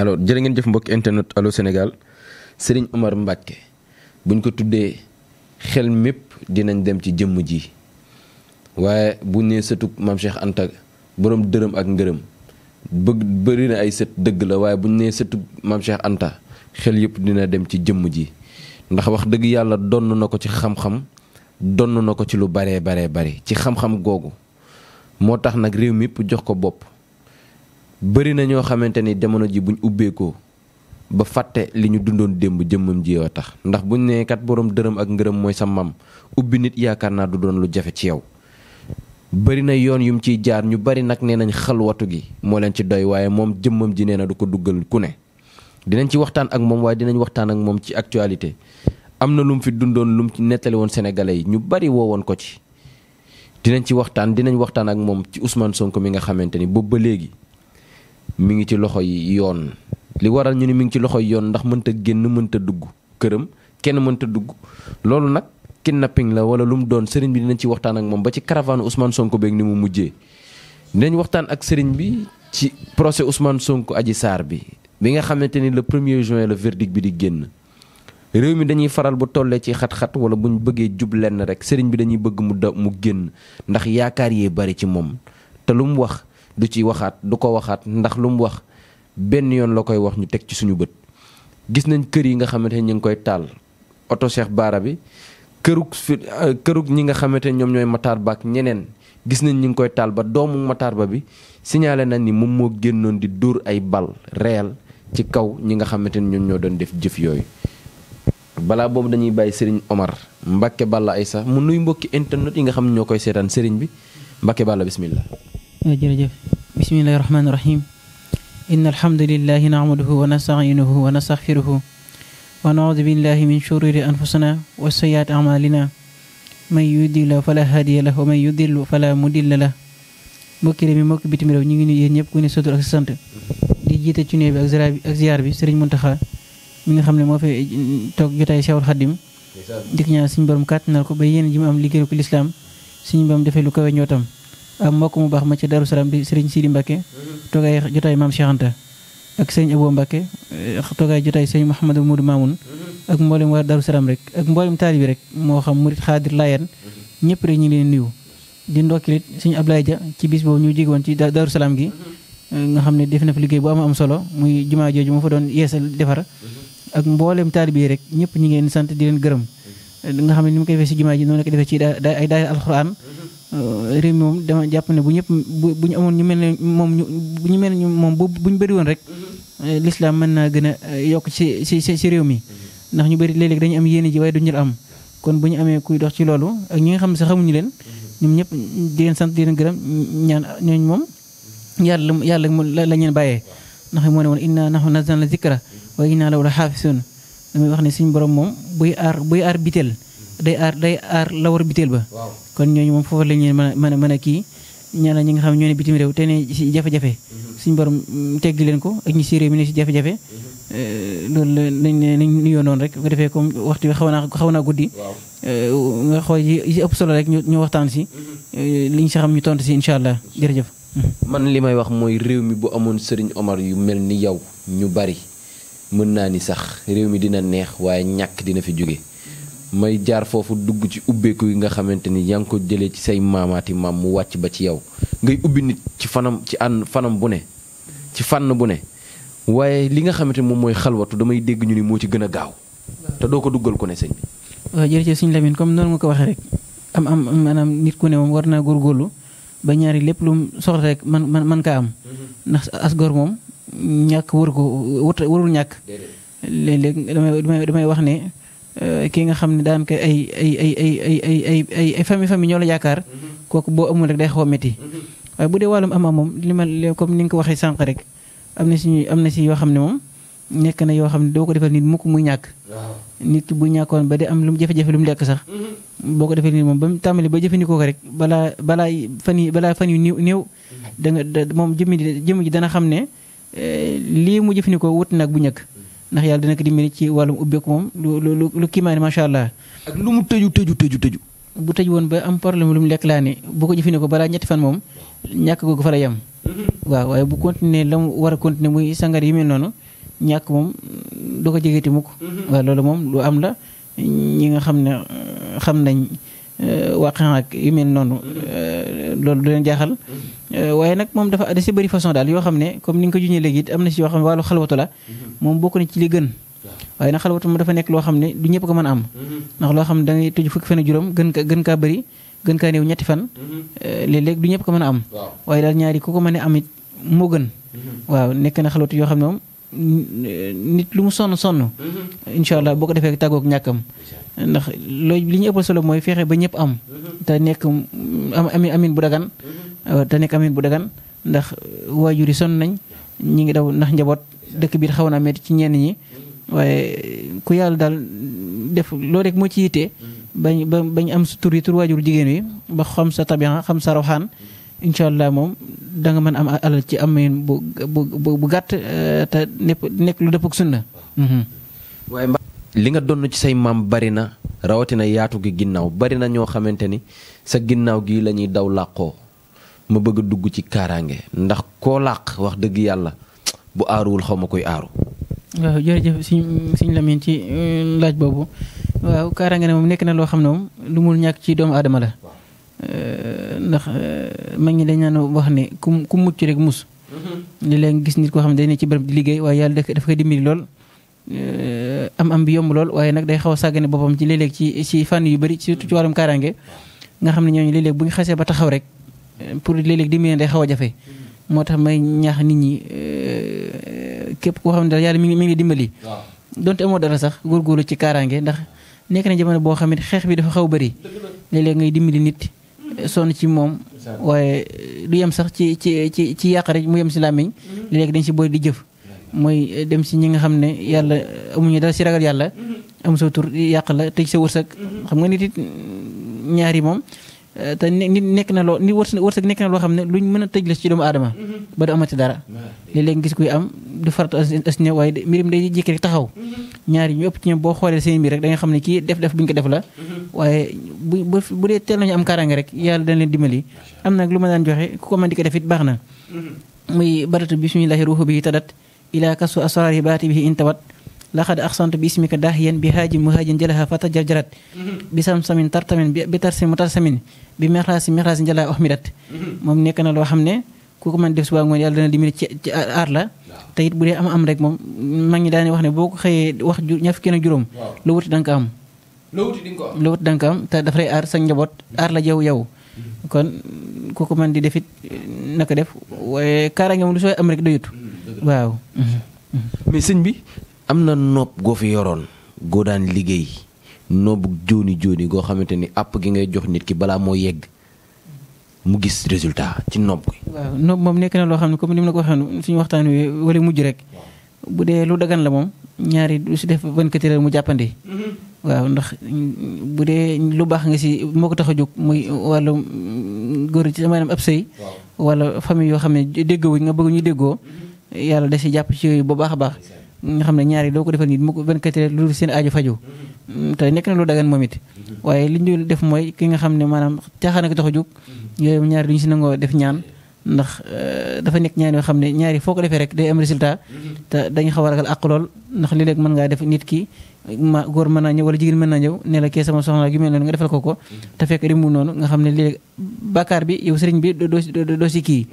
alors jërë ngeen jëf mbokk internet allo Sénégal Serigne Omar Mbacke buñ ko tuddee xel mépp dinañ dem ci jëmm ji waaye bu nee sëtug maam Anta borom dërëm ak ngërëm bëgg na ay sët dëgg la waaye buñ nee sëtug maam Anta xel yëpp dina dem ci jëmm ji ndax wax dëgg yàlla donn na ko ci xam-xam donn na ko ci lu baree baree bari ci xam-xam googu moo tax nag réew mi yëpp jox ko bopp. bëri na ñoo xamante ni jamono ji buñ ubbeekoo ba fàtte li ñu dundoon démb jëmmam ji a tax ndax buñ nee kat borom dërëm ak ngërëm mooy sa mam ubbi nit yaakaar naa du doon lu jafe ci yow. bëri na yoon yum ciy jaar ñu bëri nag nee nañ xalwatu gi moo leen ci doy waaye moom jëmmam ji nee na du ko duggal ku ne dinañ ci waxtaan ak moom waaye dinañ waxtaan ak moom ci actualité am na lu mu fi dundoon lum ci nettali woon Sénégalais yi ñu bëri woon ko ci. dinañ ci waxtaan dinañ waxtaan ak moom ci Ousmane Sonko mi nga xamante ni boobu ba léegi mi ngi ci loxo yi yoon li waral ñu ne mu ngi ci loxo yi yoon ndax mënta génn mënta dugg këram kenn mënta dugg loolu nag kidnapping la wala lu mu doon sëriñ bi dinañ ci waxtaan ak moom ba ci caravane Ousmane Sonko beeg ni mu mujjee dinañ waxtaan ak sëriñ bi ci procès Ousmane sonk aji Sarr bi bi nga xamante ni le premier juin le verdict bi di génn réew mi dañuy faral bu tollee ci xat-xat wala bu ñu bëggee jub lenn rek sëriñ bi dañuy bëgg mu da mu génn ndax yaakaar yee bari ci moom te lu mu wax du ci waxaat du ko waxaat ndax lu mu wax benn yoon la koy wax ñu teg ci suñu bët gis nañ kër yi nga xamante ni ñu ngi koy taal oto Cheikh Baara bi euh, kërug ñi nga xamante ne ñoom ñooy Matar Ba ak ñeneen gis nañ ñu ngi koy taal ba doomu Matar Ba bi siñaale na ni moom moo génnoon di dóor ay bal réel ci kaw ñi nga xamante ni ñoom ñoo doon def jëf yooyu. balaa boobu dañuy bàyyi sëriñ Omar Mbacke Balla ay sax mu nuy mbokki internet yi nga xam ñoo koy seetaan sëriñ bi Mbacke Balla bismillah. بسم الله الرحمن الرحيم إن الحمد لله نعمده ونستعينه ونستغفره ونعوذ بالله من شرور أنفسنا وسيئات أعمالنا من يهدي الله فلا هادي له ومن يضلل فلا مضل له mbokki réew mi mbokki bitim réew ñu ngi nuyu yéen ñëpp ku ne sotul ak sant di jiite ci nuyu bi ak ziar bi ak ziar bi sëriñ Muntaxa mi nga xam ne moo fi mm, toog jotaay Seexul Xaddim di ko ñaan suñu borom kàttanal ko ba yéen ji mu am liggéey ko lislaam lu kawe ñootam mbokk mu baax ma ci Darou Salam bi Serigne Sidi Mbacke toogaay jotaay maam Cheikh Anta ak sëñ Abo Mbacke eh, toogaay jotaay sëñ Mouhamadou Moudou Mamoun ak mboolem waa Darou Salam rek ak mboolem taalibi rek rek di ndokkilit sëñ Ablaye Dia ci bis boobu ñu jigoon ci Darou Salam gi nga xam ne na fi liggéey bu am am solo muy jumaa jooju mu fa doon yeesal defar ak mboolem taalibi rek ñëpp ñu ngi leen sant di leen gërëm nga xam ne ni mu koy defee si jumaa ji noonu la defee ci ay daay alxuraan Euh, réew mi moom dama jàpp ne bu ñëpp bu bu ñu amoon ñu mel ne moom ñu bu ñu mel ne moom bu ñu bëri woon rek mm-hmm. euh, lislaam mën naa gën a euh, yokk ci ci ci réew mi mm-hmm. ndax ñu bëri léeg dañu am yéene ji waaye duñu am kon bu ñu amee kuy dox ci loolu ak ñi xam ne sax xamuñu leen mm-hmm. ñoom ñëpp di leen sant di leen gërëm ñaan ñooñ moom yàlla yàlla la ñeen bàyyee ndax moo ne woon naa inna nahnu nazzalna zikra wa inna lahu la xaafisun damay wax ne suñu borom moom buy aar buy aar biteel day aar day aar la war biteel ba. kon ñooñu moom foofu la ñuy mën a mën a mën kii ñaanal ñi nga xam ñoo ne bitim réew te ne si jafe-jafe. Mhm. suñ borom teggi leen ko ak ñi si mi ne si jafe-jafe. Mhm. Eh, loolu la nañ ne nañ nuyoo noonu rek bu defee comme waxtu wi xaw naa xaw naa guddi. Eh, nga xool yi ëpp solo rek ñu waxtaan si. Mhm. Eh, liñ si xam ñu tontu si incha allah jërëjëf. man li may wax mooy réew mi bu amoon Serigne Omar yu mel ni yow ñu bari mën naa ni sax réew mi dina neex waaye ñàkk dina fi jóge may jaar foofu dugg ci ubbeeku yi nga xamante ni yaa ngi ko jëlee ci say maamaati maam mu wàcc ba ci yow ngay ubbi nit ci fanam ci ànd fanam bu ne ci fànn bu ne waaye li nga xamante ni moom mooy xalwatu damay dégg ñu moo ci gën a gaaw doo ko duggal ko ne sëñ bi. waaw jërëjëf suñu Lamine comme ko waxee maanaam nit ku ne moom war naa góorgóorlu ba ñaari lépp lu mu soxla rek man man kaa am mm-hmm. ndax as góor moom ñàkk ko warul ñàkk léeg-léeg damay damay wax ne. Eh, ki nga xam ne daanaka ay ay ay ay ay ay ay ay famille famille ñoo la yaakaar mm-hmm. kooku boo amul rek day xaw a métti mm-hmm. waaye bu dee wàllum ama moom li ma comme ni nga ko waxee sànq rek am na si am na si yoo xam ne moom nekk na yoo xam ne doo ko defal nit mukk muy ñàkk. nit bu ñàkkoon ba di am lu mu jafe lu mu lekk sax. Mm-hmm. boo ko defee nit moom ba mu tàmbali ba jëfandikoo ko rek balaa balaa fan balaa fan yu néew néew. da nga moom jëmm ji dana xam ne eh, lii mu jëfandikoo wut nag bu ñëkk. ndax yàlla dina ko dimbali ci wàllum ubbeeku moom lu lu lu kiimaani macha allah. ak lu mu tëju tëju tëju tëju. bu tëj woon ba am problème lu mu lekk laa ne bu ko jëfandikoo balaa ñetti fan moom ñàkk googu fa la yem. Mm-hmm. waaw waaye bu continuer la mu war a continuer muy sangar yi mel noonu ñàkk moom doo ko jegeeti mukk. Mm-hmm. waaw loolu moom lu am la ñi nga xam ne xam nañ. Euh, waqan ak yu mel noonu euh, loolu du leen jaaxal euh, waaye nag moom dafa da si bëri façon daal yoo xam ne comme ni ko juñee léegi it am na si yoo xam ne wàllu la moom bokk na ci li gën waaye nag xalwatu moom dafa nekk loo xam ne du ñëpp ko mën a am ndax xam ne da ngay tëj fukki fan ak juróom gën ka gën fan léeg-léeg du ko mën am waaye daal ñaari ku ko mën a am it moo gën waaw nekk na xalwatu yoo xam ne moom nit lu mu sonn sonn. Mm-hmm. incha allah boo ko defee tàggoog ñàkkam. ndax looy li ñu ëppal solo mooy fexe ba ñëpp am. Mm-hmm. te nekk am amin amin bu dagan. Mm-hmm. te nekk amin bu dagan ndax waajur yi sonn nañ ñi ngi daw ndax njaboot dëkk bi xaw naa metti ci ñenn ñi. waaye ku yàlla daal def lool rek moo ci yitte. ba ba bañ am tur yi tur waajur jigéen wi ba xam sa tabian xam sa roxaan incha allah moom da nga mën am alal ci am yéen bu bu bu gàtt eh, te nekk lu dëpp ak sunna mhm. li nga donn ci say maam bari na rawatina yaatu gi ginnaaw bari na ñoo xamante ni sa ginnaaw gi la ñuy daw làqoo ma bëgg dugg ci kaaraange ndax koo làq wax dëgg yàlla bu aaruwul xaw ma koy aaru. waaw jërëjëf siñ siñ Lamine ci euh, laaj boobu waaw kaaraange ne moom nekk na loo xam ne moom lu mu ñàkk ci doomu aadama la. Euh, ndax euh, ma ñi dañ naan wax ne ku ku mucc rek mus mm-hmm. li leen gis nit koo xam ne day ne ci bërëb di liggéey waaye yàlla dafa koy dimbali lool euh, am am bi yomb lool waaye nag day xaw a sàggane boppam ci léeg-léeg ci ci fànn yu bari surtout ci wàllum kaaraange nga xam ne ñooñu léeg-léeg bu ñu xasee ba taxaw rek pour léeg-léeg dimbali day xaw a jafe mm-hmm. moo tax may ñaax nit ñi képp koo xam ne daal yàlla mi ngi mi ngi dimbali donte amoo dara sax góorgóorlu ci kaaraange ndax nekk na jamono boo xam xeex bi dafa xaw bëri léeg-léeg sonn ci moom waaye euh, du yem sax ci ci ci yàq rek mu yem si làmmiñ mm-hmm. léegi dañ si boy di jëf mooy euh, dem si ñi nga xam ne yàlla euh, amuñu dara si ragal yàlla mm-hmm. am sa tur yàq la tëj sa wërsëg mm-hmm. xam nga nit it mm, ñaari moom te nit nekk na loo nit wërsëg nekk na loo xam ne luñ mën a tëj la ci doomu aadama ba du amati dara léeg-léeg gis kuy am du faratu as ne waaye mbirim day jékki rek taxaw ñaari ñu ëpp ci ñoom boo xoolee seen mbir rek da xam ne kii def def buñ ko def la bu bu dee teel nañu am kaaraange rek yàlla dañ leen dimbali am nag lu ma daan joxe ku ko mën di ko def it baax na mm-hmm. muy baratu bismillahi ruuxu bi tadat ilaa kasu asraari baati bi intawat laxad axsant bi ismika daahiyan bi haajin muhaajin jalaha fata jarjarat mm-hmm. bi samsamin tartamin bi tarsin mutarsamin bi mexlaasi mexlaasi jalaha ohmidat mm-hmm. moom nekk na loo xam ne ku ko mën def subaa ngoon yàlla dana dimbali ci aar la te loo wuti di nga am te daf lay aar sa njaboot aar la jaw yow. kon ku ko mën di defit naka def waaye kaaraange moom lu sooy am rek doyut mm, waaw. Mhm. Mhm. mais sëñ bi am na nopp goo fi yoroon goo daan liggéey noobu jooni jooni goo xamante ni àpp gi ngay jox nit ki balaa moo yegg mu gis résultat ci nopp gi. waaw nopp moom nekk na loo xam ne comme ni ma la ko waxee suñu waxtaan wi wala mujj rek. bu dee lu dagan la moom ñaari du si def vingt-quatre mu jàppandi mm-hmm. waaw ndax bu dee lu baax nga si moo ko tax a jóg muy wàllu góor ci maanaam ab sëy wala famille yoo xam ne déggoowuñ nga bëgg ñu déggoo mm-hmm. yàlla da si jàpp ci yooyu bu baax a baax nga xam ne ñaari doo ko defal nit mu ko vingt-quatre lu seen aaju faju mm-hmm. te moom it waaye li ñu def mooy ki nga xam ne maanaam caaxaan a ko tax a jóg yooyu ñaari duñu si nangoo def ñaan ndax euh, dafa nekk ñaar yoo xam ne ñaari foo ko defee rek day am résultat te dañu xaw a ragal àq lool ndax léeg-léeg mën ngaa def nit ki ma góor mën naa ñëw wala jigéen mën naa ñëw ne la kee sama soxna yu mel noonu nga defal ko ko te xam ne léeg-léeg bàkkaar bi yow sëriñ bi doo si kii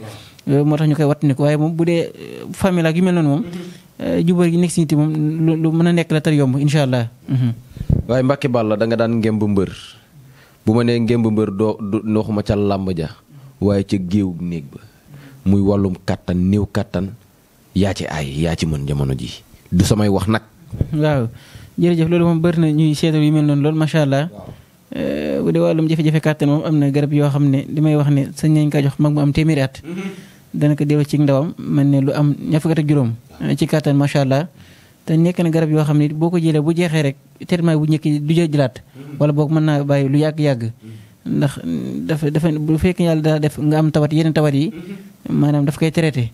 moo tax ñu koy wattandiku waaye moom bu dee famille la yu mel noonu moom euh, jubóor gi nekk si nit moom lu mën a nekk la tar yomb incha allah mhm. waaye Mbacke Balla da nga daan ngémb mbër bu ma nee ngémb mbër doo waxuma ca làmb ja waaye ca géew néeg ba muy wàllum kàttan néew kàttan yaa ci ay yaa ci mën jamono ji du samay wax nag. waaw jërëjëf loolu moom bari na ñuy seetal yu mel noonu loolu macha allah. Eh, bu dee wàllum jafe-jafe kàttan moom am na garab yoo xam ne li may wax ne sañ nañ ko jox mag mu am téeméeri at. Mm-hmm. dana ko delloo ci ndawam man ne lu am ñaar juróom. Eh, ci kàttan macha allah. te nekk na garab yoo xam ne boo ko jëlee bu jeexee rek traitement bu njëkk du jëlaat. Mm-hmm. wala boog mën naa bàyyi lu yàgg-yàgg. Mm-hmm. ndax dafa dafa bu fekkee yàlla daa def nga am tawat yeneen tawat yi mm-hmm. maanaam daf koy traité.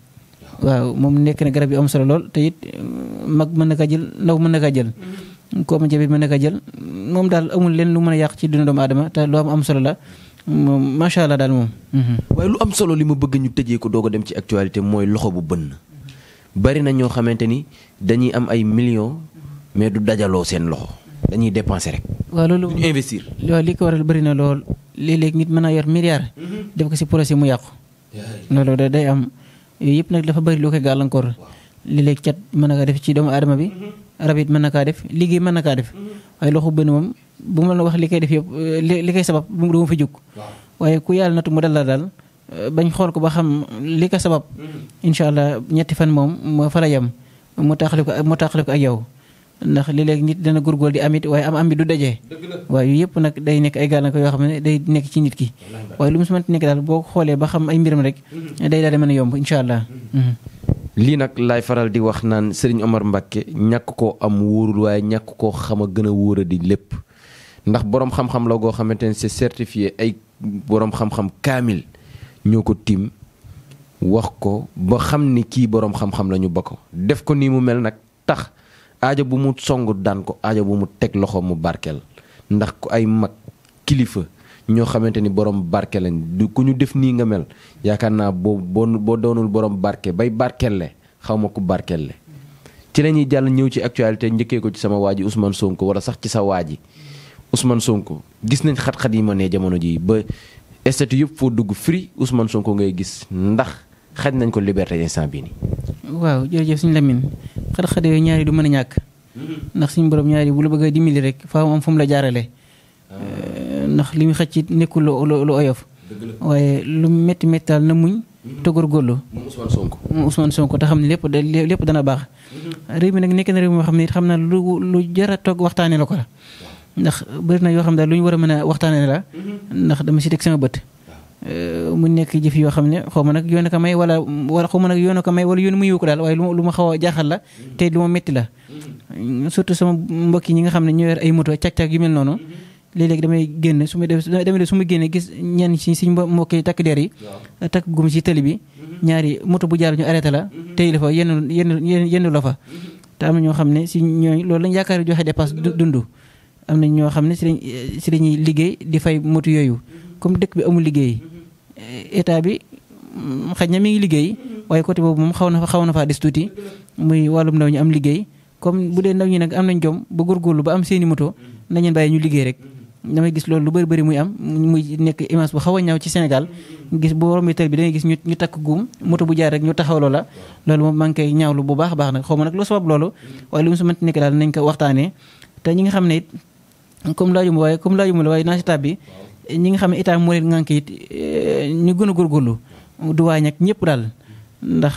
waaw moom nekk na garab yu am solo lool te it mm, mag mën na kaa jël ndaw mën na kaa jël. Mm-hmm. koomu jabit mën na kaa jël moom daal amul leen lu mën a yàq ci dundu doomu aadama te loo am am solo la. moom macha allah daal moom. Mm-hmm. waaye lu am solo li ma bëgg ñu tëjee ko doog a dem ci actualité mooy loxo bu bënn. bari na ñoo xamante ni dañuy am ay millions mais du dajaloo seen loxo. dañuy dépenser rek. waaw loolu du ñu waaw li ko waral bëri na lool léeg nit mën a yor milliard. def ko si projet mu yàqu. loolu da day am yooyu yëpp nag dafa bëri loo koy gàllankoor. léeg cat mën na kaa def ci doomu aadama bi. Mhm. rab it mën na kaa def liggéey mën na kaa def. Mhm. waaye loxo benn moom bu ma la wax li koy def yëpp li koy sabab bu mu fa jóg. waaye ku yàlla natu mu dal la daal euh, bañ xool ko ba xam li ko sabab. Mhm. incha ñetti fan moom moo fa la yem mu taaxale ko ak mu taaxale ndax léeg-léeg nit dana góorgóor di amit waaye am am bi du dajee waaye yu yëpp nag day nekk ay gàllankoor yoo xam ne day nekk ci nit ki waaye lu mu si mënti nekk daal boo xoolee ba xam ay mbiram rek mm-hmm. day daal di mën a yomb incha allah mm-hmm. Mm-hmm. lii nag laay faral di wax naan Serigne Omar Mbacke ñàkk ko am wóorul waaye ñàkk koo xam a gën a wóor a di lépp ndax borom xam-xam la goo xamante ne c'est certifié ay boroom xam-xam kaamil ñoo ko tiim wax ko ba xam ni kii boroom xam-xam la def ko nii mu mel nag tax aajo bu mu song daan ko aajo bu mu teg loxo mu barkel ndax ku ay mag kilifa ñoo xamante ni borom barke lañ du ku ñu def nii nga mel yaakaar naa boo boo doonul borom barke bay barkelle xaw ma ku barkelle ci la ñuy jàll ñëw ci actualité njëkkee ko ci sama waa ji Ousmane Sonko wala sax ci sa waa ji Ousmane Sonko gis nañ xat-xat yi ma ne jamono ji ba statut yëpp foo dugg fri Ousmane Sonko ngay gis ndax. xaj nañ ko liberté instant bii nii. waaw jërëjëf suñu Lamine xar-xar yooyu du mën a ñàkk mm-hmm. ndax suñu borom ñaari bu la bëgg a rek faaw am fu la jaarale ah. ndax li muy xëcc it nekkul lu lu oyof. waaye na muñ. Mm-hmm. te góorgóorlu. moom Ousmane Sonko moom Ousmane xam ne lépp lépp dana baax. Mm-hmm. réew mi nag nekk na réew moo xam ne it xam naa lu lu jar a toog waxtaanee la ko la. ndax bëri na yoo xam daal lu ñu war a mën a waxtaanee la. ndax dama si teg sama bët. Euh, mu nekk jëf yoo xam ne xaw ma nag yoon ko may wala wala xaw ma nag yoon ko may wala yoon muyu ko daal waaye lu ma lu ma xaw a jaaxal la mm-hmm. te lu ma métti la surtout sama mbokki ñi nga xam ne ñoo yor moto cag-cag yu noonu mm-hmm. léeg damay génn su ma def damay def su ma génne gis ñenn si suñ mbokk yi takk der yi takk gum si tëli bi mm-hmm. ñaari moto bu jaar ñu arrêté la tey la fa yenn yenn yenn la fa ñoo xam ne si ñooñu loolu lañ yaakaar joxe dépasse dundu am na ñoo xam ne si lañ si lañuy liggéey di fay moto yooyu comme dëkk bi amul liggéey état bi xaj na mi ngi liggéey waaye côté boobu moom xaw na fa xaw na fa des tuuti muy wàllum ndaw ñu am liggéey comme bu dee ndaw ñi nag am nañ jom ba góorgóorlu ba am seeni moto nañu bàyyi ñu liggéey rek. damay gis loolu lu bëri bëri muy am muy nekk image bu xaw a ñaaw ci Sénégal gis bu rombee tali bi da ngay gis ñu ñu takk guum moto bu jaar rek ñu taxaw loola loolu moom maa ngi koy ñaawlu bu baax a baax nag xaw ma nag lu sabab loolu waaye lu mu si mënti nekk daal nañ ko waxtaanee te ñi nga xam bi ñi ngi xam ne état moo leen ngànk it eh, ñu gën a góorgóorlu duwaañ ak ñëpp daal ndax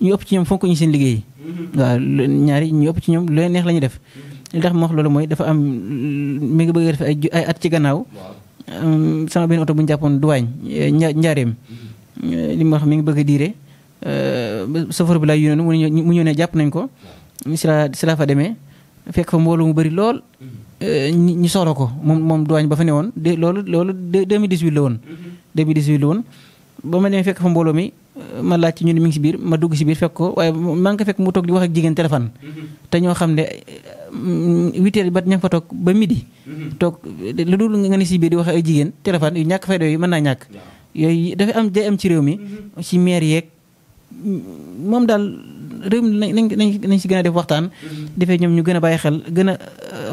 ñu ëpp ci ñoom fonk ñu seen liggéey mm-hmm. waa ñaari ñu ëpp ci ñoom lu neex la def mm-hmm. li tax ma wax loolu mooy dafa am mu ngi bëgg a def ay at ci gannaaw um, sama benn oto bu ñu duwaañ duwaañ eh, njaareem mm-hmm. eh, li mu wax mi ngi bëgg a diire chauffeur bi laay yónnoon mu ñëw ne jàpp nañ ko si la fa demee fekk fa mbooloo mu bëri lool ñu soxla ko moom moom duwaañ ba fa ne woon de loolu loolu 2018 la woon. 2018 la woon ba ma demee fekk fa mbooloo mi ma laaj ci ñu ne mi ngi si biir ma dugg si biir fekk ko waaye maa ngi ko fekk mu toog di wax ak jigéen téléphone. te ñoo xam ne mm, huit ba ña fa toog ba midi. toog lu dul nga ne si biir di wax ay jigéen téléphone yu ñàkk fay doy mën naa ñàkk. yooyu dafa am day am ci réew mi. ci maire yeeg mm, moom daal. réew mi nañ nañ nañ si gën a def waxtaan. defee ñoom ñu gën a bàyyi xel gën a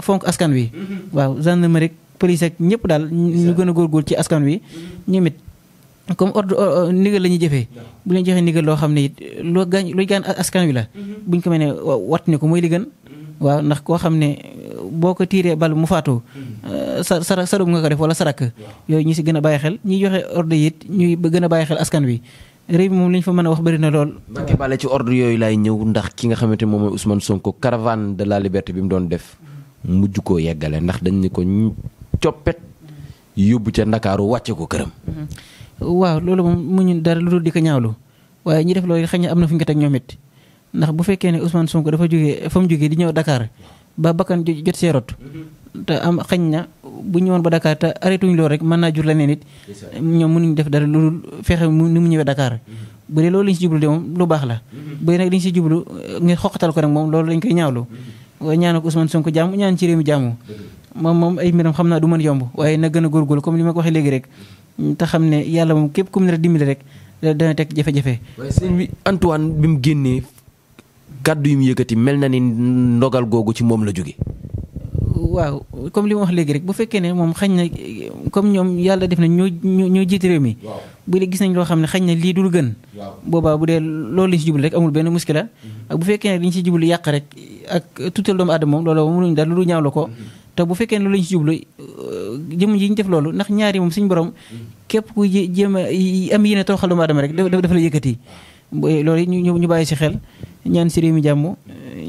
fonk askan wi. waaw gendarmerie rek police ak ñëpp daal. ñu gën a góorgóorlu ci askan wi. ñoom it comme ordre ndigal la ñuy jëfee. bu leen joxee ndigal loo xam ne it loo gaañ luy gaañ askan wi la. buñ ko mënee wat ni ko mooy li gën. waaw ndax koo xam ne boo ko tiiree bal mu faatoo sa sa sarum nga ko def wala sarak yooyu ñu si gën a bàyyi xel ñiy joxe ordre yi it ñuy gën a bàyyi xel askan wi. réew mi moom li ñu fa mën a wax bëri na lool. ma Balla ci ordre yooyu laay ñëw ndax ki nga xamante moom mooy Ousmane Sonko caravane de la liberté bi mu doon def mujj koo yeggale ndax dañ ne ko coppet yóbbu ca Ndakaaru wàcce ko këram. Mhm. waaw loolu moom mu ñu dara lu dul di ko ñaawlu waaye ñi def loolu xëy na am na fu ñu ko teg ñoom it ndax bu fekkee ne Ousmane Sonko dafa jógee fa mu jógee di ñëw Dakar. ba bakkan jot see rot mm-hmm. te am xëñ na bu ñëwoon ba Dakar te arrêté wuñ loolu rek mën naa jur leneen it ñoom mënuñ def dara loolu fexe mu ni mu ñëwee Dakar mm-hmm. bu loolu lañ si jublu de moom lu baax la mm-hmm. bu dee nag liñ si jublu ngir xoqatal ko rek moom loolu lañ koy ñaawlu waaye ñaan ko Ousmane Sonko jàmm ñaan ci réew mi jàmm moom moom ay mbiram xam naa du mën yomb waaye na gën a góorgóorlu comme li ma ko waxee léegi rek te xam ne yàlla moom képp ku mu ne rek dana teg jafe-jafe waaye bi mu génnee kàddu yu mu yëkkati mel na ni ndogal googu ci moom la jóge waaw comme li mu wax léegi rek bu fekkee ne moom xañ na comme ñoom yàlla def na ñoo ñoo jiite réew mi. bu dee gis nañ loo xam ne xañ na lii dul gën. boobaa bu dee loolu li si jublu rek benn muskila mhm. ak bu fekkee ne dañ si jublu yàq rek ak tuutal doomu aadama moom loolu mënuñ daal lu ñaaw ko. Mhm. te bu fekkee ne loolu lañ si jublu euh, ji ñu def loolu ndax ñaari moom suñu borom. Mhm. képp ku jéem a am yéene toroxal doomu aadama rek dafa dafa la yëkkati. loolu ñu ñu bàyyi si xel. ñaan si réew mi jàmm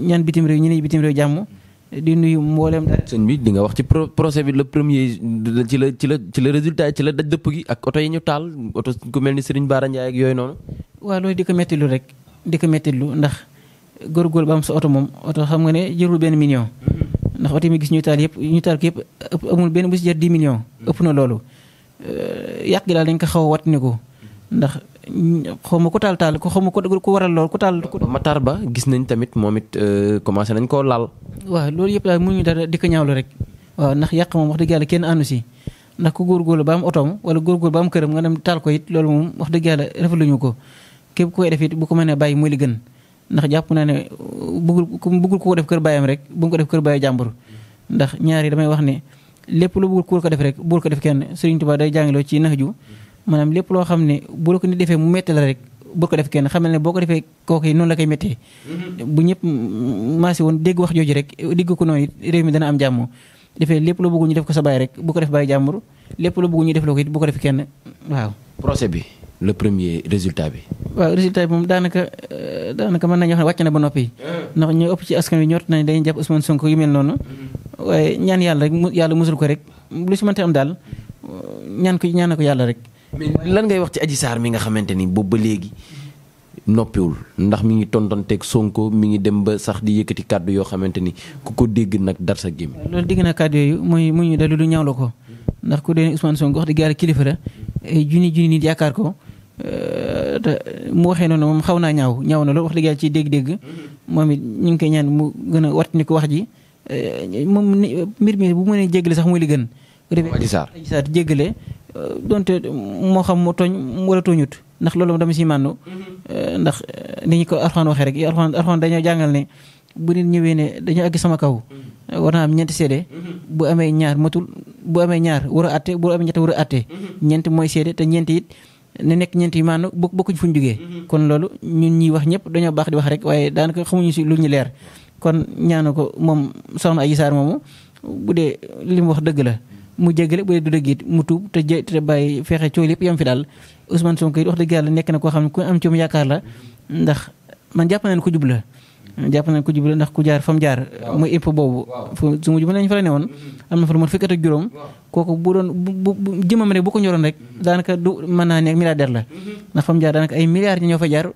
ñaan bitim réew ñu ne bitim réew jàmm di nuyu mboolem. sëñ bi di nga wax ci procès bi la premier ci la ci la ci la résultat ci la daj dëpp gi ak oto yi ñu taal oto ku mel ni Serigne Bara Ndiaye ak yooyu noonu. waaw loolu di ko méttilu rek di ko méttilu ndax góorgóorlu ba am sa oto moom oto xam nga ne jërul benn million. Mm-hmm. ndax oto mi gis ñu taal yëpp ñu taal ko ëpp amul benn bu si jar 10 millions. ëpp na loolu yàq gi daal dañ ko xaw a wat ko ndax. xaw ma ku taal taal ko xaw ma ku waral lool ko taal. Matar Ba gis nañ tamit moom it euh, commencé nañ koo laal. waaw loolu yëpp daal mënuñu dara di ko ñaawlu rek waaw ndax yàq moom wax dëgg yàlla kenn àndu si ndax ku góorgóorlu ba am otoom wala góorgóorlu ba am këram nga dem taal ko it loolu moom wax dëgg yàlla rafetluñu ko képp koy def it bu ko mënee bàyyi mooy li gën ndax jàpp naa ne euh, bëggul ku bëggul ko def kër bàyyam rek bu ko def kër bàyyi jàmbur ndax ñaar yi damay wax ne lépp lu bëggul ku ko def rek bu ko def kenn Serigne Touba day jàngaloo ci nax maanaam lépp loo xam ne bu la ko ni defee mu metti la rek boo ko def kenn xamal ne boo ko defee kooku yi noonu la koy méttee mm-hmm. bu ñëpp maasi woon dégg wax jooju rek dégg ko noonu réew mi dana am jàmmoo defee lépp loo bëgg ñu def ko sa baay rek bu ko def baay jàmbur lépp loo bëgg ñu def loo ko it bu ko def kenn waaw procès bi le premier résultat bi waaw résultat bi moom daanaka euh, daanaka mën nañu wax ne wàcc na ba noppi ah. ndax ñu ëpp ci askan wi ñort nañ dañuy jàpp Ousmane Sonko yu mel noonu mm-hmm. ñaan yàlla rek yàlla musul ko rek lu si mënti am daal ñaan ko ñaan na ko yàlla rek mais lan ngay wax ci Adji Sarr mi nga xamante ni boobu ba léegi noppiwul ndax mi ngi tontonteeg Sonko mi ngi dem ba sax di yëkkati kàddu yoo xamante ni ku ko dégg nag dar sa gémmi loolu dégg na kàddu yooyu mooy muy ñu dalu lu ñaaw ko ndax ku dee Ousmane Sonko wax di kilifa la junni junni nit yaakaar ko euh, te mu waxee moom xaw naa ñaaw ñaaw na loolu wax dëgg ci dégg-dégg moom it ñu ngi koy ñaan mu gën a wat ni ko wax ji euh, moom mbir mi bu mënee jéggale sax muy li gën. Adji Sarr jéggale Euh, donte moo xam mu tooñ wala tooñut ndax loolu dama si màndu mm-hmm. euh, ndax euh, ni ñu ko Alxuraan waxee rek Alxuraan Alxuraan dañoo jàngal ne bu nit ñëwee ne dañoo àgg sama kaw mm-hmm. war naa am ñeenti seede mm-hmm. bu amee ñaar matul bu amee ñaar war a àtte bu amee ñett war a àtte ñeent mooy seede te ñeent it ne nekk ñeent yi maanaam bokk bokkuñ fu ñu jógee kon loolu ñun ñuy wax ñëpp dañoo baax di wax rek waaye daanaka xamuñu si lu ñu leer kon ñaanu ko moom soxna Adji Sarr moomu bu li mu wax dëgg la mu jéggale bu dee du dëgg mu tuub te jé te bàyyi fexe coow lépp yam fi daal Ousmane Sonko it wax dëgg yàlla nekk na koo xam ne ku am ci mu yaakaar la ndax man jàpp nañ ko jub la jàpp nañ ko jub la ndax ku jaar fa mu jaar muy imp boobu su mujj mën nañ fa la ne woon mm-hmm. am na fa lu mat fukki at ak juróom kooku bu doon bu jëmam rek bu ko ñoroon rek mm-hmm. daanaka du mën naa ne milliardaire la mm-hmm. ndax fa mu jaar daanaka ay milliards ñi ñoo fa jaar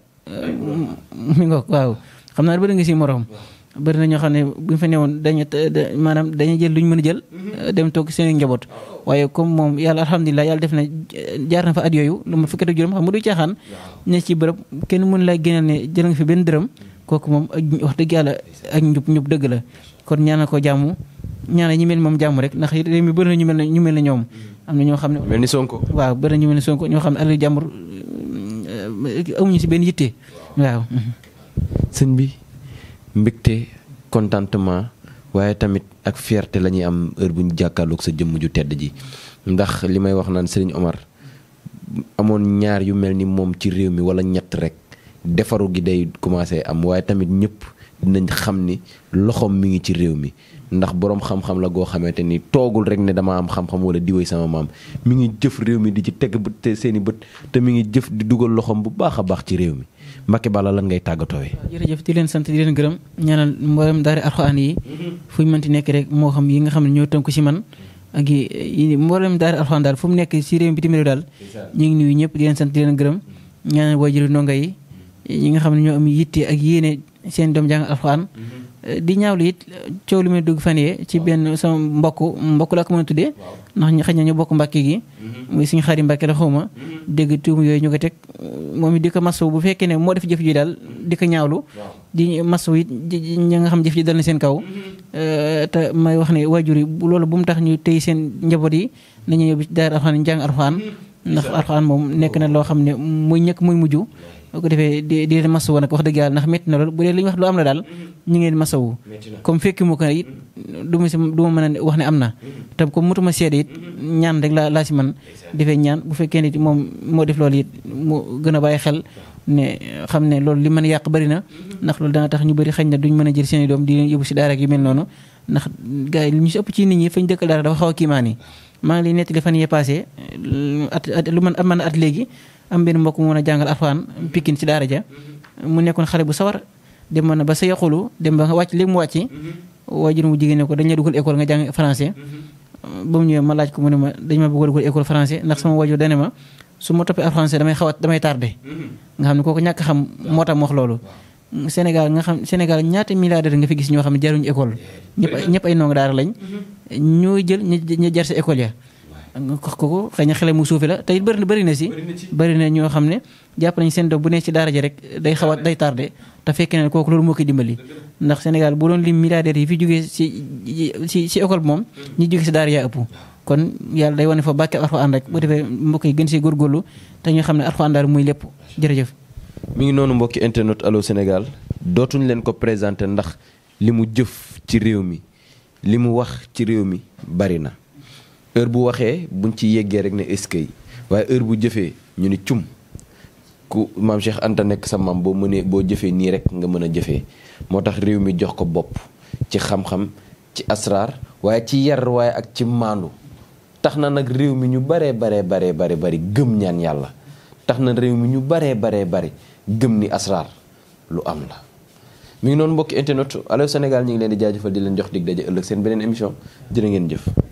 mi ngoog waaw xam naa ba da nga si morom bëri na ñoo xam ne bu ñu fa newoon dañu a jël. Mhm. dem toog seen njaboot. waaye moom yàlla alhamdulilah yàlla def na jaar na fa at yooyu lu ma fukki at ak juróom xam nga du caaxaan. ne ci bërëb kenn mën laa génneel ne jël nga fi benn dërëm. kooku moom ak wax dëgg yàlla ak ko jàmm ñaanal ñi mel moom jàmm rek ndax réew mi bëri na ñu mel ne ñu mel ne ñoom. Mhm. am na ñoo xam ne. mel ni Sonko. waaw bëri na ñu mel ni Sonko ñoo xam ne alal jàmbur euh, amuñu si benn yitte waaw mbégte kontantement waaye tamit ak fierte la ñuy am heure bu ñu sa jëmm ju tedd ji ndax li may wax naan Serigne Omar amoon ñaar yu mel ni moom ci réew mi wala ñett rek defaru gi day commencé am waaye tamit ñëpp dinañ xam ni loxoom mi ngi ci réew mi ndax boroom xam-xam la goo xamante ni toogul rek ne dama am xam-xam wala diwee sama maam mi ngi jëf réew mi di ci teg bët seeni bët te mi ngi jëf di dugal loxoom bu baax a baax ci réew mi Mbacke Balla lan ngay tàggatoowe jërëjëf di leen sant di leen gërëm ñaanal mboolem daara alxuraan yi fu ñu mënti nekk rek moo xam yi nga xam ne ñoo tënku ci man ak yi mboolem daara alxuraan fu mu nekk ci réew bitim réew daal ñu ngi nuyu ñëpp di leen sant di leen gërëm ñaanal waajuri ndongo yi ñi nga xam ne ñoo am yitte ak yéene seen doom jàng alxuraan di ñaawlu it coow lu muy dugg fan yee ci benn sama mbokk mbokk la ko mën a ndax ñu xëy na ñu bokk mbàkke gi mm-hmm. muy suñu xarit mbàkke la xawma mm-hmm. dégg yooyu ñu ko teg moom it di ko masaw bu fekkee ne moo def jëf ji daal di ko ñaawlu di masaw it ñi nga xam jëf ji dal seen kaw mm-hmm. euh, te may wax ne waajur yi loolu bu mu tax ñu tey seen njaboot yi nañu yóbbu ci daara alxuraan njàng alxuraan ndax alxuraan moom nekk na loo xam ne muy ñëkk muy mujj boo ko defee di di leen masawu nag wax dëgg yàlla ndax métti na lool bu dee li wax lu am la daal mhm. ñu mu ko it du ma wax ne am na tam mhm. comme mutuma seede it mhm. ñaan rek laa laa si man defee ñaan bu fekkee nit moom moo def loolu it mu gën a bàyyi xel ne xam ne loolu li mën a yàq bëri na ndax lool dana tax ñu bari xañ na duñ mën a jël seen i doom di leen yóbbu si daara rek yu mel noonu ndax gars yi ñu si ëpp ci nit ñi fañ dëkkal daara dafa xaw a kiimaan yi maa ngi lay nettali fan yee passé at lu man am man at léegi am benn mbokk mu mën a jàngal alxuraan Pikine ci daara ja mu nekkoon xale bu sawar ma na ba sa yaqulu dem ba nga wàcc léegi mu wàcc waajur mu jigéen ko dañ la dugal école nga jàng français ba ma laaj ko mu ne ma dañ ma bëgg a dugal école français ndax sama waajur dane ma su ma toppee français damay xawat damay tardé nga xam ne kooku ñàkk xam moo tax mu wax loolu Sénégal nga xam Sénégal ñaata milliardaire nga fi gis ñoo xam ne jaruñu école ñëpp ñëpp ay ndongo daara lañ ñoo jël ñu jar sa école ya kooku xëy na xele mu suufi la te it bëri na bëri na si bëri na ñoo xam ne jàpp nañ seen doom bu nee ci daara ji rek day xaw a day tardé te fekk na kooku loolu moo koy dimbali ndax Sénégal boo doon lim milliardaires yi fi jógee si si si école moom ñi jógee si daara yaa ëpp kon yàlla day wane fa bàkke alxuraan rek bu defee mbokk yi gën see góorgóorlu te ñu xam ne alxuraan daal muy lépp jërëjëf mu ngi noonu mbokki internet Allô Sénégal dootuñ leen ko présenté ndax li mu jëf ci réew mi li mu wax ci réew mi heure bu waxee buñ ci yeggee rek ne est waaye heure bu jëfee ñu ni cum ku maam Cheikh Anta nekk sa maam boo mënee boo jëfee nii rek nga mën a jëfee moo tax réew mi jox ko bopp ci xam ci asraar waaye ci yar ak ci maandu tax na nag réew mi ñu baree bare baree bare bari gëm ñaan yàlla tax na réew mi ñu baree baree bari gëm ni asraar lu am la mi ngi noonu mbokki internet Allô Sénégal ñi ngi leen di jaajëfal di leen jox dig daje ëllëg seen beneen émission jërë ngeen jëf